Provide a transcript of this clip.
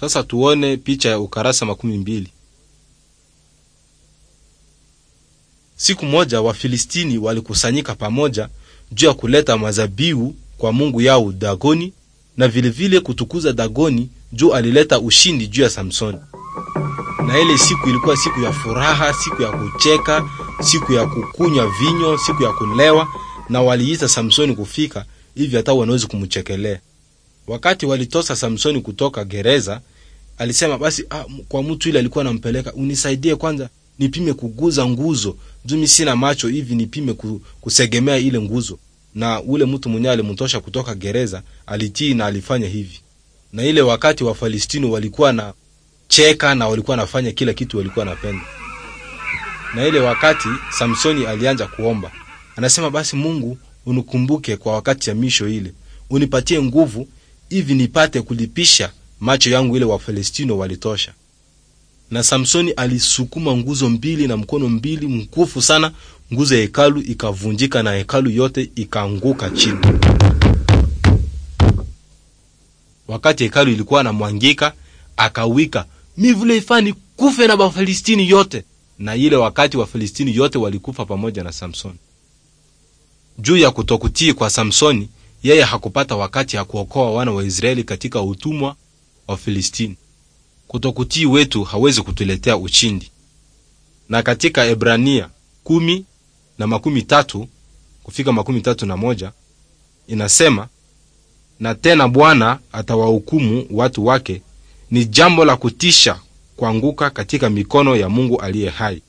Sasa tuone picha ya ukarasa makumi mbili. Siku moja Wafilistini walikusanyika pamoja juu ya kuleta mazabiu kwa mungu yao Dagoni na vilevile vile kutukuza Dagoni juu alileta ushindi juu ya Samsoni. Na ile siku ilikuwa siku ya furaha, siku ya kucheka, siku ya kukunywa vinyo, siku ya kulewa, na waliita Samsoni kufika hivi hata wanawezi kumchekelea. Wakati walitosa Samsoni kutoka gereza, Alisema basi ah, kwa mtu ile alikuwa anampeleka, unisaidie kwanza nipime kuguza nguzo juu mimi sina macho hivi, nipime kusegemea ile nguzo. Na ule mtu mwenyewe alimtosha kutoka gereza, alitii na alifanya hivi. Na ile wakati wa Falistini walikuwa na cheka na walikuwa nafanya kila kitu walikuwa napenda. Na ile wakati Samsoni alianza kuomba, anasema basi, Mungu unikumbuke kwa wakati ya misho ile, unipatie nguvu hivi nipate kulipisha macho yangu ile Wafelestino walitosha. Na Samsoni alisukuma nguzo mbili na mkono mbili mkufu sana, nguzo ya hekalu ikavunjika na hekalu yote ikaanguka chini. Wakati hekalu ilikuwa na mwangika, akawika mi vule ifani kufe na Bafilistini yote, na ile wakati Wafilistini yote walikufa pamoja na Samsoni. Juu ya kutokutii kwa Samsoni, yeye hakupata wakati ya kuokoa wana wa Israeli katika utumwa Wafilistini. Kutokutii wetu hawezi kutuletea ushindi. Na katika Ebrania kumi na makumi tatu kufika makumi tatu na moja inasema, na tena Bwana atawahukumu watu wake, ni jambo la kutisha kuanguka katika mikono ya Mungu aliye hai.